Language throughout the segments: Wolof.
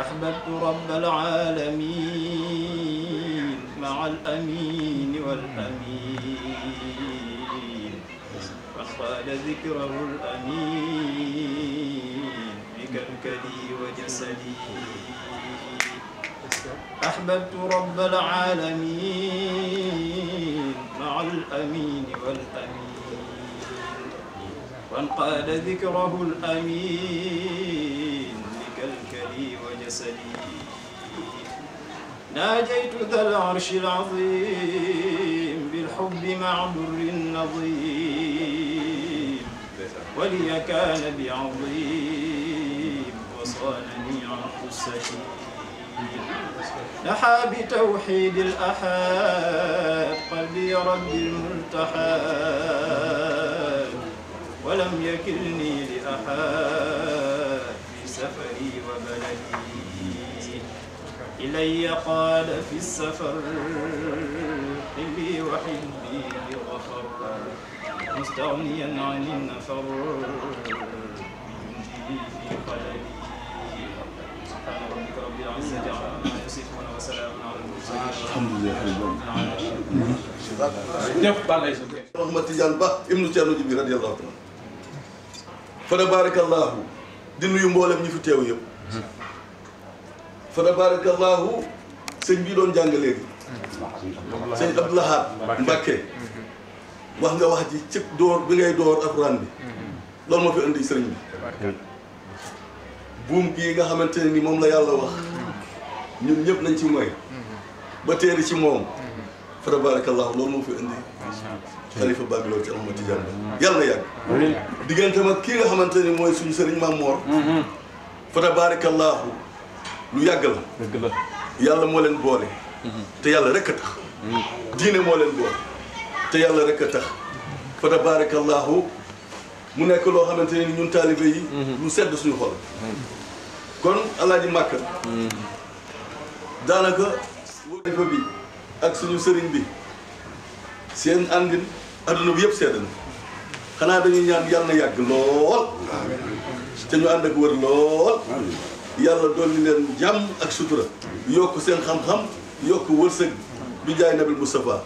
أحببت رب العالمين مع الأمين والأمين فقال ذكره الأمين بكركلي وجسدي أحببت رب العالمين مع الأمين والأمين فانقاد ذكره الأمين جسدي ناجيت ذا العرش العظيم بالحب مع بر النظيم ولي كان بعظيم وصانني عن قصتي نحى بتوحيد الأحاد قلبي رب الملتحاد ولم يكلني لأحاد في سفري وبلدي إلي قال في السفر حبي وحبي غفر مستغنيا عن النفر ينجي في قلبي سبحان ربك رب العزة عما يصفون وسلام على المرسلين الحمد لله رحمة تجان ابن تيانو جبي رضي الله عنه فنبارك الله fa tabarakallahu sëñ bii doon jàng léegi sëñ Abdou Lahad Mbacké wax nga wax ji ci door bi ngay door alxuraan bi loolu moo fi indi sëriñ bi buum gii nga xamante ne ni moom la yàlla wax ñun ñëpp nañ ci mooy ba teeri ci moom fa tabarakallahu loolu moo fi indi xalifa Babilor ci Ahmad Tijaan ba yàlla na yàgg diggante mag kii nga xamante ni mooy suñu sëriñ Maam Moor mm-hmm. fa tabarakallahu lu yàgg la. dëgg yàlla moo leen boole. Mhm. te yàlla rek a tax. Mhm. diine moo leen boole. te yàlla rek a tax. fa tabaarakallaahu mu nekk loo xamante ne ñun taalibe yi. Mhm. lu sedd suñu xol. kon alaaji Màkka. daanaka wóor bi ak suñu sëriñ bi seen àndin adduna bi yëpp sedd na xanaa dañuy ñaan yàlla na yàgg lool. te ñu ànd ak wër lool. yàlla dolli leen jàmm ak sutura yokk seen xam-xam yokk wërsëg bi jaay nabil Moustapha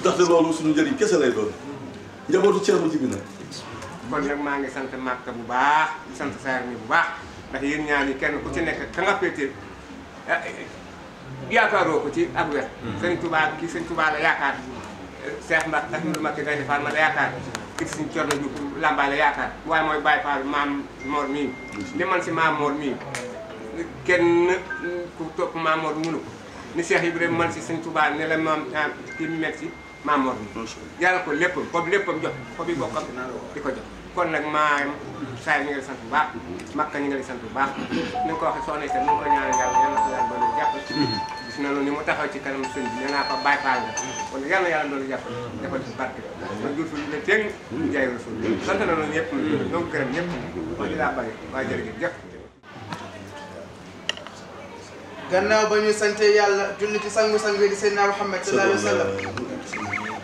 ndaxte loolu suñu njëriñ kese lay doon njabootu ceerno ji bi nag kon nag maa ngi sant Màkka bu baax di sant Saar mi bu baax ndax yéen ñaar ñi kenn ku ci nekk ka nga féete eh, yaakaaroo ko ci ak wet hmm. sëñ Touba kii sëñ Touba la yaakaar Cheikh Mbacke ak Mbacke Gaye Fall ma la yaakaar kër si Thierno Diouf Lambaye la yaakaar mooy Baye Fall maam Mor mii li si maam Mor mii kenn ku topp maam Mor mënu ko ni Cheikh Ibrahima man si sëñ Touba ne la maam ah, kii mu mel si maam Mor mii yàlla ko léppam foofu léppam jox foofu bokkam di ko kon nag maa saa yi ñu ngi lay sant bu baax makka ñu ngi lay baax ni nga ko waxee soxna si ni nga ko ñaanal yàlla yal na ko na loolu ni mu taxaw ci kanam sëñ bi nee naa ko Baye Fall la kon yal na yàlla doon jàppale defal ci barke man góor foofu ne ñu sante yàlla julli ci sangu-sangu di Seydina Muhammad sallallahu alayhi wa sallam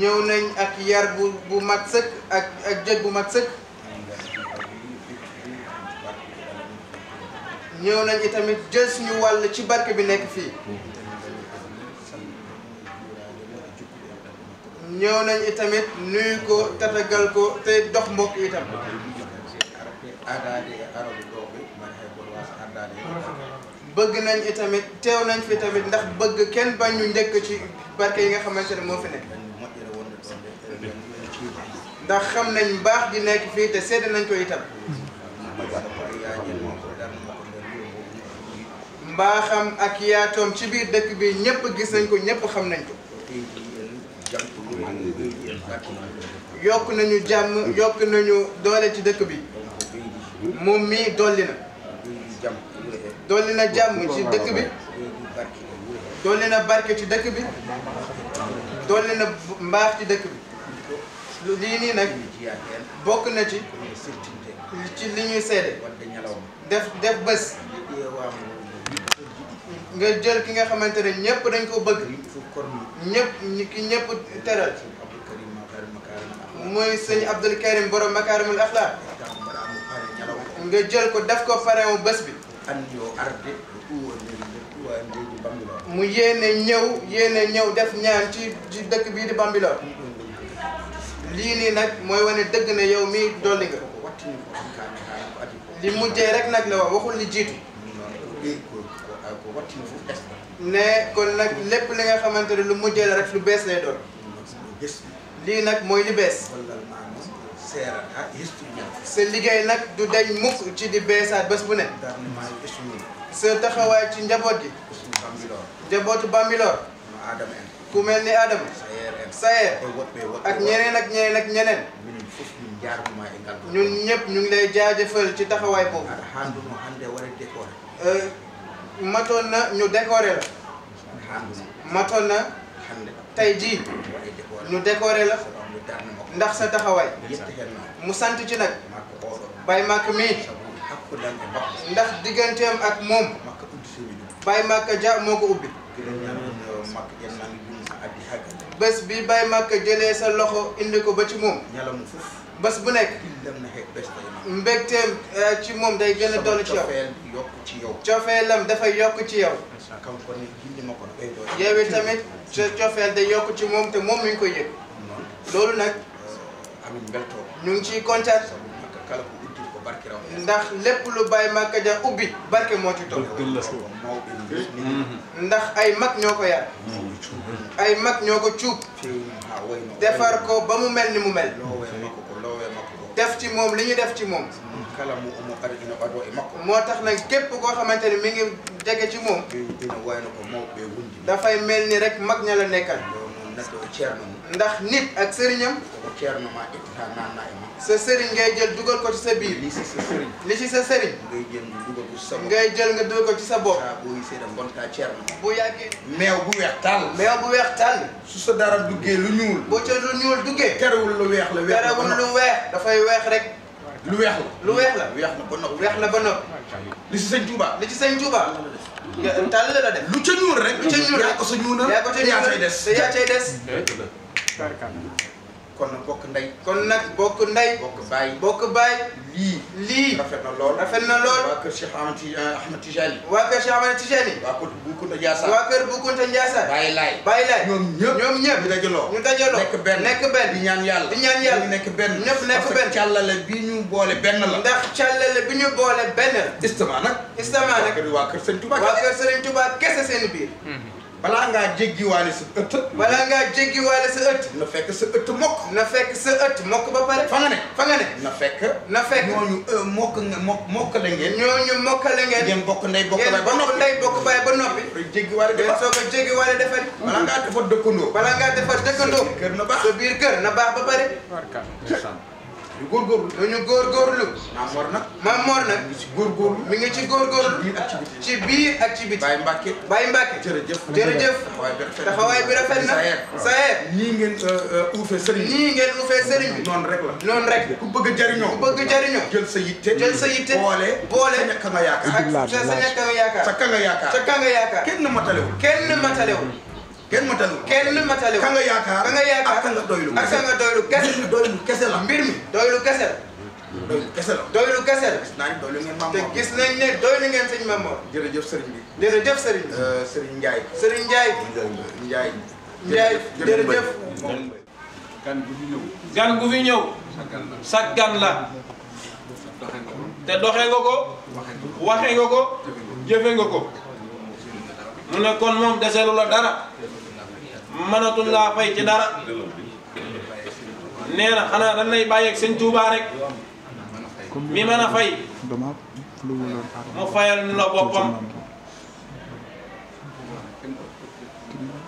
ñëw nañ ak yar bu bu mat sëkk ak ak jëg bu mat sëkk ñëw nañ itamit jël suñu wàll ci barke bi nekk fii ñëw nañ itamit nuyu ko tatagal ko tey dox mbokk itam bëgg nañ itamit teew nañ fi tamit ndax bëgg kenn bañ ñu njëkk ci barke yi nga xamante ne moo fi nekk ndax xam nañ mbaax di nekk fii te sedd nañ ko itam mbaaxam ak yaatoom ci biir dëkk bi ñëpp gis nañ ko ñëpp xam nañ ko yokk nañu jàmm yokk nañu doole ci dëkk bi moom mii dolli na dolli na jàmm ci dëkk bi dolli na barke ci dëkk bi dolli na mbaax ci dëkk bi lii nii nag bokk na ci ci li ñuy seede def def bés nga jël ki nga xamante ne ñëpp dañ ko bëgg ñëpp ki ñëpp teral mooy sëñ Abdul Karim borom makaarimul axlaaq nga jël ko def ko parrain wu bés bi mu yéene ñëw yéene ñëw def ñaan ci ci dëkk bii di Bambilor lii nii nag mooy wane dëgg na yow mi dolli nga li mujjee rek nag la wax waxul li jiitu ne kon nag lépp li nga xamante ne lu mujjee la rek lu bees lay doon lii nag mooy li bees. Ah, sa liggéey nag du dañ mukk ci di beesaat bés bu ne. sa taxawaay ci njaboot gi. njabootu Bambilor. ku mel ni Adama. Sayer ak ñeneen ak ñeneen ak ñeneen. ñun ñëpp ñu ngi lay jaajëfal ci taxawaay boobu. Euh, matoon na ñu décorer matoon na tey jii. ñu décoré la ndax sa taxawaay mu sant ci nag Baye Makka mii ndax digganteem ak moom Baye Makka ja moo ko ubbi bés bi bay Makka jëlee sa loxo indi ko ba ci moom bés bu nekk mbégteem eh, ci moom day gën a dolli ci yow cofeelam dafay yokk ci yow yow tamit sa cofeel day yokk ci moom te moom mu ngi koy yëg loolu nag amin beltoo ñu ngi ciy kontaan kala ko ndax lépp lu bàyyi Màkka ja ubbi barke moo ci toog mm-hmm. ndax ay mag ñoo ko yar ay mag ñoo ko cuub ah, defar ko ba mu mel ni mu mel def ci moom li ñu def ci moom kala mu umu arjuna ɓaɗo moo tax nag képp koo xamante ne mi ngi jege ci moom dafay mel ni rek mag ña la nekkal. ndax nit ak sëriñam. sa sëriñ ngay jël dugal ko ci sa biir. li ci sa sëriñ. li ci sa sëriñ. ngay jël nga dugal ko ci sa bopp. jël nga dugal sa boo gisee dem bon bu meew bu weex tàll. meew bu weex tàll. su sa dara duggee lu ñuul. boo ca lu ñuul duggee. terewul lu weex la weex lu weex. dafay weex rek. lu weex la lu weex la weex la ba weex la ba noppi li ci sëñ Touba li ci sëñ Touba tàll def lu ca ñuul rek lu ca ñuul rek ko sa ñuunal yaa kon nag bokk ndey kon nag bokk ndey bokk baay bokk baay lii. lii rafet na lool rafet na lool. waa kër Cheikh Ahmed eh, Ahmed Tijani. waa kër Cheikh Ahmed Tijani. waa kër Bou Kounta Ndiassane. waa kër Bou Kounta Ndiassane. Baye Laye Baye Laye. ñoom ñëpp ñoom ñëpp. ñu dajaloo ñu dajaloo nekk benn nekk benn. di ñaan yàlla di ñaan yàlla. ñu nekk benn ñëpp nekk benn. parce bi ñu boole benn la. ndax càllale bi ñu boole benn la. istamaa nag. istamaa nag waa kër Serigne Touba. waa kër Serigne Touba kese seen biir. Mhm. balaa ngaa jéggiwaale sa ëtt. balaa ngaa jéggiwaale sa ëtt. na fekk sa ëtt mokk. na fekk ñooñu euh, mokk nga mokk mokkale ngeen. ñooñu mokkale ngeen. ngeen bokk ndey bokk baay ba no ngeen bokk ndey baay ba noppi. jéggi wala defar soo ko jéggi wala defar. bala ngaa defar dëkkandoo. bala ngaa defar dëkkandoo. kër na baax sa biir kër na baax ba pare. ñu góorgóorlu góor góorgóorlu maam góor nag maam Mor nag mi ngi ci góorgóorlu mi ngi ci góorgóorlu ci biir ak ci biti Baye Mbacke Baye Mbacke jërëjëf jërëjëf taxawaay bi rafet na sayer nii ngeen euh, euh, uufee sëriñ bi nii ngeen uufee sëriñ bi noonu rek la noonu rek ku bëgg jariñoo ku bëgg jariñoo jël sa yitte jël sa yitte boole boole sa ñàkk nga yaakaar sa ñàkk nga yaakaar sa ka nga yaakaar sa ka kenn matalewul kenn kenn mataliwul kenn mataliwul ka nga yaakaar ka yaakaar ak ka nga doylu ak ka nga doylu kese mbir mi doylu kese la mbir mi doylu kese la doylu kese la te gis nañ ne doylu ngeen sëñ Mame euh, gan gu fi ñëw sa gan la te doxee nga ko waxee nga ko jëfe nga ko mu ne kon moom deselu la dara mënatul laa fay ci dara nee xanaa dañ lay bàyyeeg sëñ mi mën fay mu fayal ñu la boppam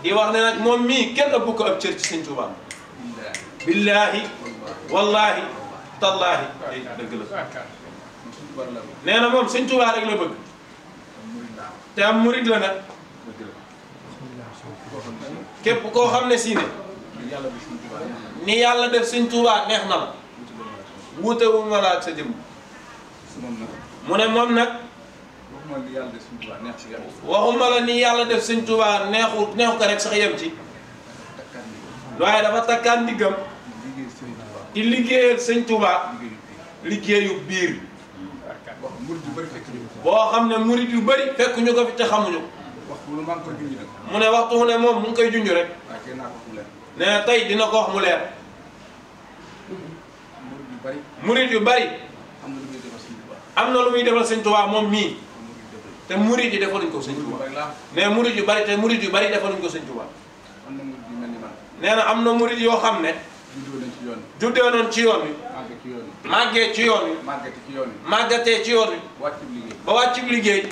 di wax ne moom mii kenn ëpp ko ab cër ci sëñ Tuubaa billaahi wallaahi tallaahi dëgg la nee na moom sëñ Tuubaa te am murid képp koo xam ne si ne ni yàlla def sëñ Tuubaa neex na la wuutewul ma ak sa jëmm mu ne moom nag waxuma ni yàlla def sëñ Tuubaa neexu neexu ko rek sax yem ci waaye dafa takkaan ndiggam di liggéeyal sëñ Tuubaa liggéeyu biir boo xam ne murit yu bëri fekk ñu ko fi te xamuñu loolu maa ngi mu ne waxtu fu ne moom mu ngi koy junj rek. waaye tey naa ko tey dina ko wax mu leer. murit yu bari. yu bari. am na lu muy defal sëñ Tuubaa. moom mii. te murit yi defaluñ ko sëñ Tuubaa. nee murit yu bari te murit yu bari defaluñ ko sëñ Tuubaa. nee na am na murit yoo xam ne. juddoo nañ ci yoon yi màggee ci yoon yi màggatee ci yoon wi. màggatee ci yoon wi. ba wàccub liggéey.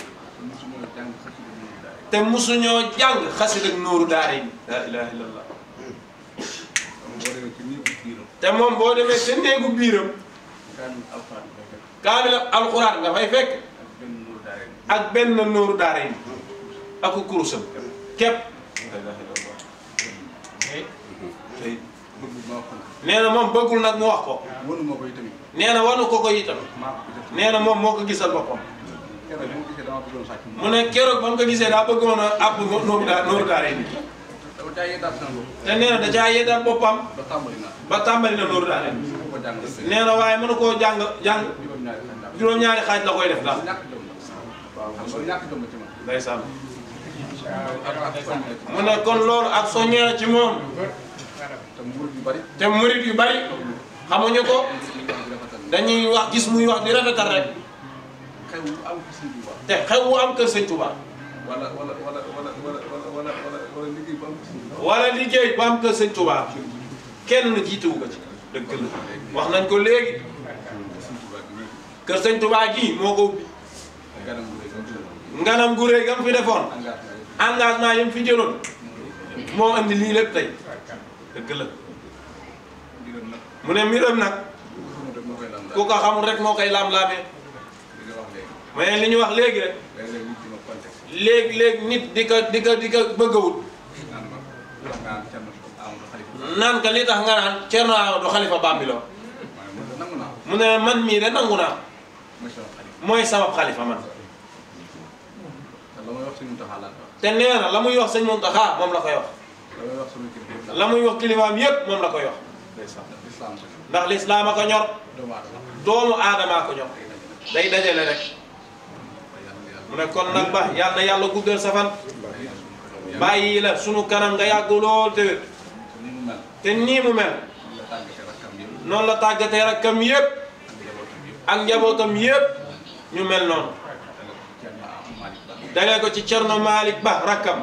te musuñoo jàng xasida ak nooru daara yi laa ilaha illallah te moom boo demee ca néegu biiram kaamil alxuraan nga fay fekk ak benn nooru daara yi ak kurusam képp nee na moom bëggul nag mu wax ko nee na wanu ko ko itam nee na moom moo ko gisal boppam dama bëggoon sàcc. mu ne keroog ba mu ko gisee daa bëggoon a àpp nooru daa nooru te nee na da caa yeddaat boppam. ba tàmbali na ba tàmbali na nooru daara yi. nee waaye mën na koo jàng jàng juróom-ñaari xaaj la koy def daal. mu ne kon ak soññee ci moom. te murit yu bari. xamuñu ko dañuy wax gis muy wax di rafetal rek. xew wu am kër sëñ Touba. te xew wu am kër sëñ wala wala wala wala liggéey bu am kër kenn na jiitewu ko ci. dëgg la wax nañ ko léegi. kër sëñ Touba gii moo ko ubbi. nganam gu gam fi defoon. engagement yam fi jëloon. moo andi lii lépp tey. dëgg la. mu ne mbiram nag. ku ko xamul rek moo koy laam-laamee. mais li ñu wax léegi rek. nit di ko di ko di ko bëgg ne man mii de nangu naa. mooy sabab xalifa man. te nee la muy wax sëñ Muntaxa moom la koy wax. la muy wax kilifaam yépp moom la koy wax. ndax lislaam a ko ñor. doomu aadama a ko ñor. day dajale rek. mu ne kon nag ba yàlla na yàlla guddal sa fan sunu kanam nga yàgg lool te te nii mu mel noonu la tàggatee rakkam yëpp ak njabootam yëpp ñu mel noonu dalee ko ci Cerno Malick Ba rakkam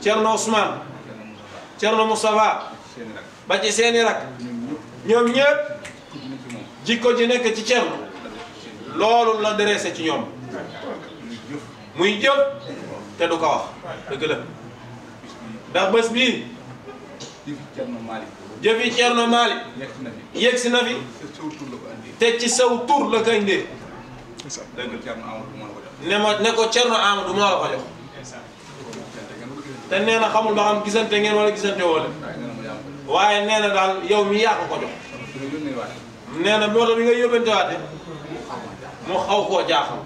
Cerno Ousmane Cerno Moustapha ba ci seeni rak ñoom ñëpp jikko ji nekk ci Cerno loolu la dressé ci ñoom muy jëf te du ko wax dëgg la ndax bés bii jëfi Cerno Malick jëfi Cerno Malick si na fi te ci saw tur la ko indee ne ma ne ko Cerno Amadou moo la ko jox te nee na xamul ba xam gisante ngeen wala gisante woo leen waaye nee na daal yow mi yaa ko ko jox nee na moo tax bi nga yóbbantewaate mu xaw koo jaaxal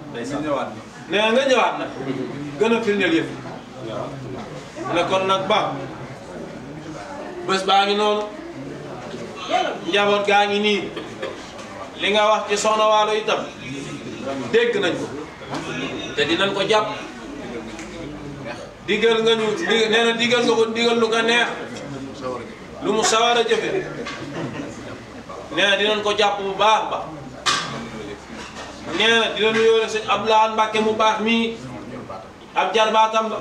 nee na nga ñëwaat wax gën a firndeel yëf ne kon nag ba bés baa ngi noonu njaboot gaa ngi nii li nga wax ci soxna waalo itam dégg nañ te dinañ ko jàpp digal nga ñu nee na digal nga ko digal lu nga neex lu mu sawar a jëfe nee na dinañ ko jàpp bu baax ba nee na di la nuyoo rek sëñ Abdoulaye Mbacke mu baax mii ab jarbaatam la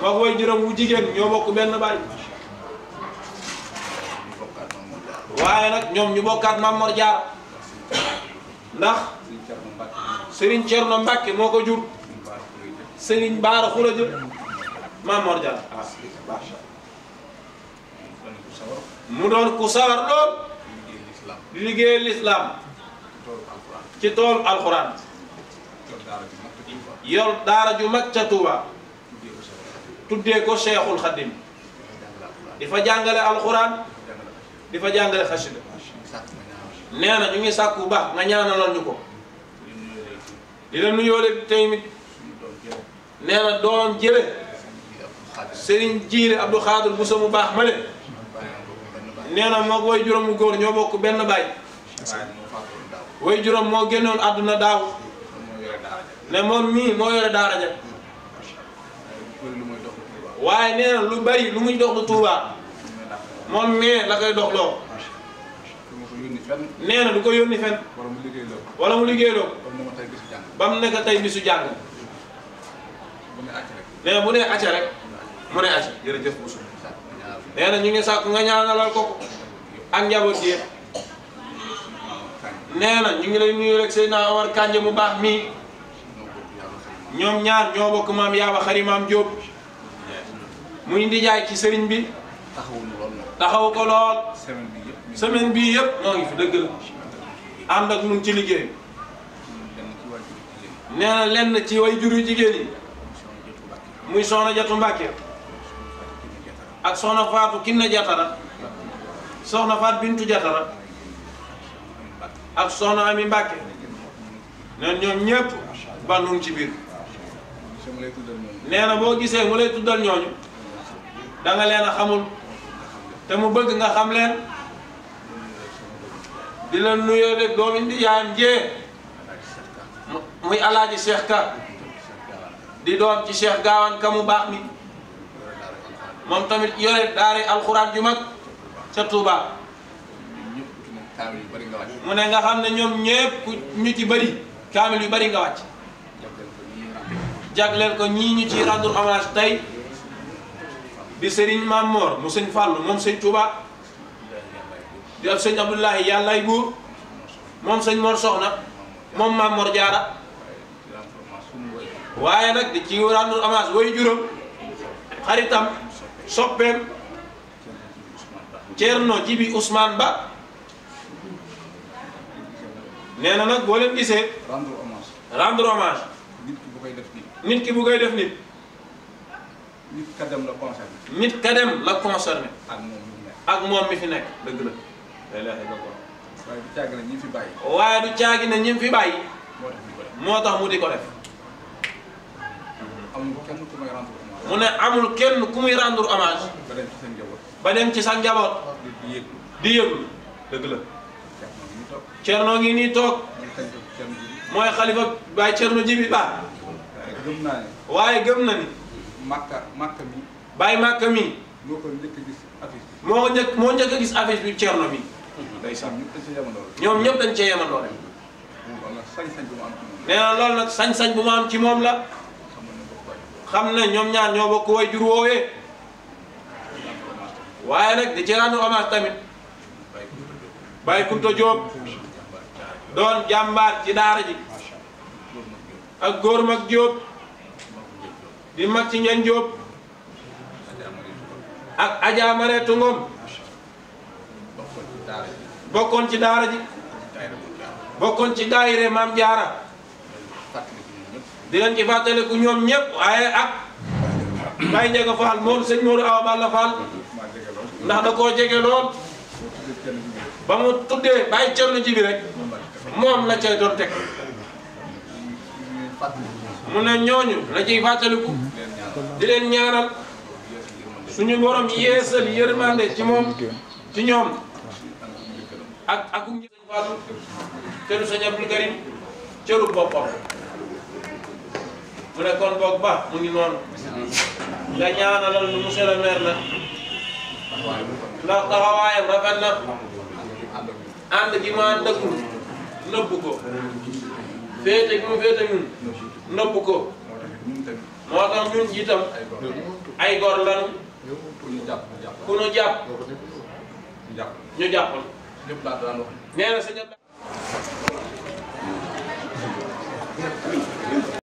moo ko way juróom wu jigéen ñoo bokk benn baay waaye nag ñoom ñu bokkaat Mame Mor ndax Serigne Thierno Mbacke moo ko jur Serigne Baara Khula jël Mame mu doon ku sawar lool di liggéeyal lislaam ci tool alxuraan yor daara ju mag ca Touba tuddee ko Cheikhul Khadim di fa jàngale alxuraan di fa jàngale xasida nee na ñu ngi sàkku baax nga ñaanaloon ñu ko di la nuyoo rek doom jële Serigne Jiile Abdou Khadir bu sa baax ma le nee na moo koy juróomu góor ñoo bokk benn baay way juróom moo génnoon àdduna daaw ne moom mii moo yore daara ja waaye nee na lu bari lu muy dox lu Tuuba moom mais la koy dox loo nee na du ko yónni fen wala mu liggéey loo ba mu nekk tey bisu jàng nee bu dee acca rek mu ne acca jërëjëf Boussou ñu ngi sàkk nga ñaanalal ko ak njaboot gi nee ñu ngi lay nuyu rek Seydina Omar Kànje mu baax mii ñoom ñaar ñoo bokk maam yaaba xari maam Diop muy ndijaay ci sëriñ bi taxaw ko lool semaine bii yëpp moo ngi fi dëgg la ànd ak ci liggéey nee na lenn ci way juru jigéen muy soxna Jatu Mbàkke ak soxna Faatu Kinne Jatara soxna Faat Bintu Jatara ak soxna Ami Mbàkke neen ñoom ñëpp bànnun ci biir nee na boo gisee mu lay tuddal ñooñu da leen a xamul te mu bëgg nga xam leen di la nuyoo de doomi di yaayam jee muy alaaji Cheikh Ka di doom ci Cheikh Gaawaan ka mu baax mi moom tamit yore daare alxuraan ju mag ca Touba kaamil yu bëri nga wàcc. mu ne nga xam ne ñoom ñëpp ñu ci bëri kaamil yu bëri nga wàcc. jagleel ko ñii ñu ci rendre hommage tey di Serigne Mamor mu sëñ Fallou moom sëñ Touba di ab sëñ Abdoulahi yàllaay buur moom sëñ Mor Soxna moom Mamor Jaara waaye nag di ci rendre hommage way juróom xaritam soppeem Ceerno Jibi Ousmane Ba nee na nag boo leen gisee. rendre hommage. nit ki bu koy def nit. nit ki bu def nit. ka dem la concerné. nit ka dem la ak moom mi fi nekk. ak moom mi fi nekk dëgg la. wallaahi waaye du caagi na ñi fi bàyyi. waaye du caagi ñi fi bàyyi. moo tax mu di ko def. amul mu ne amul kenn ku muy rendre hommage. ba dem ci sa njaboot. ci sa njaboot. di yëglu di la. Cerno ngi nii toog mooy xalifa baay Cerno Jibi Ba waaye gëm na ni makka makka mi baay makka mi moo njëkk a gis affiche moo njëkk a gis affiche bi Cerno mi ñoom ñëpp dañ cee yemandoo rek nee nag sañ-sañ bu ma am ci moom la xam ne ñoom ñaar ñoo bokk way jur woowee waaye nag di ci rendre hommage tamit Baye Kunta Diop doon jàmbaar ci daara ji ak góor mag Diop di mag ci ñan jóob ak Adja Mareetu bokkoon ci daara ji bokkoon ci daayire maam jaara di leen ci fàttaliku ñoom ñépp waaye ak Baye Ndiaga Fall moom sëñ Mourou Awa Balla Fall ndax da koo jege lool ba mu tuddee Baye Thierno ji bi moom na cay doon teg mu ne ñooñu la ciy fàttaliku di leen ñaanal suñu borom yeesal yërmande ci moom ci ñoom ak ak njëriñ fàllu cëru sëñ Abdou Karim cëru boppam mu ne kon boog ba mu ngi noonu nga ñaanalal nu monsieur le maire nag ndax taxawaayam rafet na ànd gi ma dëggul nëbb ko. féete gi mu féete ñun nëbb ko. moo tax ñun itam ay gor lan ku ñu jàpp ñu jàppal nee na sa